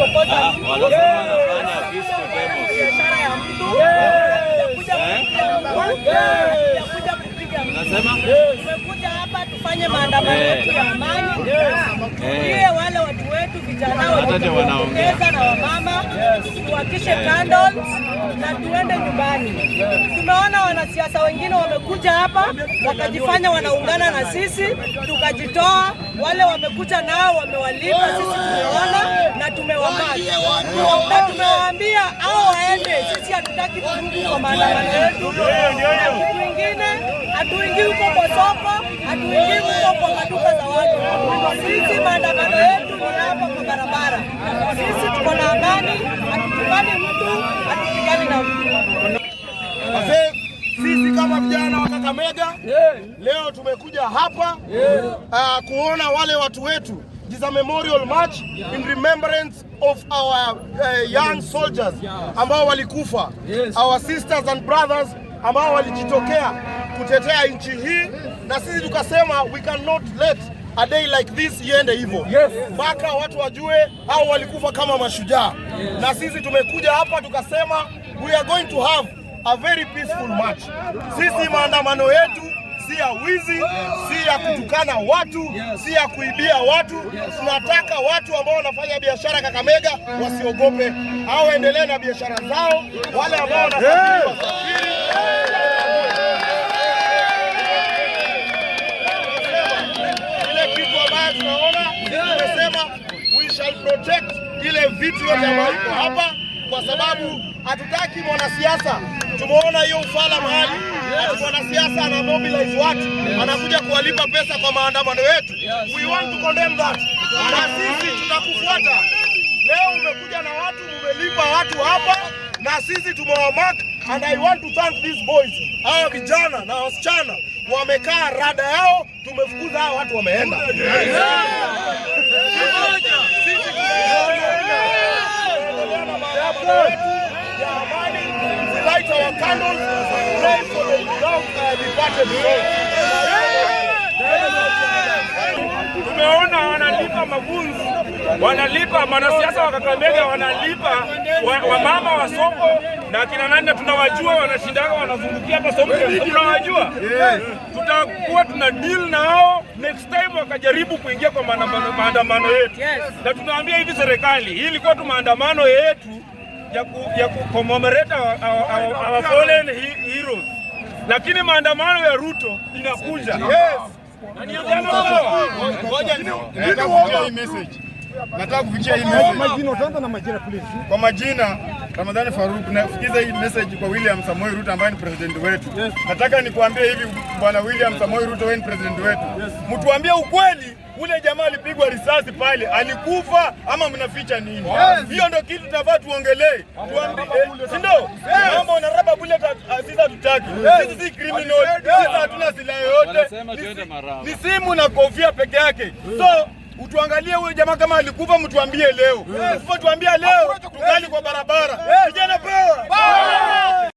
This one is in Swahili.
Tumekuja hapa tufanye maandamano ya amani. mama eh. wale watu wetu vijana wanaongeza na wamama, tuwakishe eh. candles na tuende nyumbani. Tumeona wanasiasa wengine wamekuja hapa wakajifanya wanaungana na sisi, tukajitoa. Wale wamekuja nao wamewalipa, sisi tumeona na tumewaambia hatutaki kurudi kwa maandamano yetu. Kitu kingine, hatuingii huko kwa soko, hatuingii huko kwa maduka za watu. Sisi maandamano yetu ni hapa kwa barabara. Sisi tuko na amani, hatupigani mtu, hatupigani na mtu. Sisi kama vijana wa Kakamega leo tumekuja hapa uh, kuona wale watu wetu It is a memorial march in remembrance of our uh, young soldiers ambao walikufa, our sisters and brothers ambao walijitokea kutetea nchi hii, na sisi tukasema we cannot let a day like this iende hivyo mpaka yes. Watu wajue hao walikufa kama mashujaa yes. Na sisi tumekuja hapa tukasema we are going to have a very peaceful march. Sisi maandamano yetu si ya wizi, si ya kutukana watu, si ya kuibia watu. Tunataka watu ambao wanafanya biashara Kakamega wasiogope, au endelee na biashara zao, wale ambao shall protect ile vitu yote ambayo iko hapa, kwa sababu hatutaki mwanasiasa. Tumeona hiyo ufala mahali ati yaani mwanasiasa ana mobilize watu anakuja kuwalipa pesa kwa maandamano yetu. We want to condemn that, na sisi tutakufuata. Leo umekuja na watu, umelipa watu hapa na sisi tumewamak, and I want to thank these boys. Hawa vijana na wasichana wamekaa rada yao, tumefukuza hao watu, wameenda ya amani, we light our candles Tumeona wanalipa magunzi, wanalipa wanasiasa wa Kakamega, wanalipa wamama wa, soko na kina nani tunawajua, wanashindaga wanazungukia hapa soko, tunawajua tutakuwa tuna deal nao next time wakajaribu kuingia kwa maandamano yetu, na tunaambia hivi, serikali hii ilikuwa tu maandamano yetu ya ku, ya ku commemorate our fallen heroes lakini maandamano ya Ruto inakuja Nataka kufikia hii message kwa majina Ramadhani Faruk, nafikiza hii message kwa William Samoei Ruto ambaye ni president wetu. Nataka nikuambie hivi, bwana William Samoei Ruto, wewe ni president wetu, mtuambie ukweli Ule jamaa alipigwa risasi pale, alikufa ama mnaficha nini? Hiyo yes. Ndio kitu tunafaa tuongelee, tuambie, eh, si ndio? sisi hatutaki. Sisi si criminal. Sisi hatuna silaha yoyote. Ni simu na kofia peke yake. So utuangalie huyo jamaa kama alikufa, mtuambie leo. Usipotuambia leo, tungali kwa barabara. Vijana poa.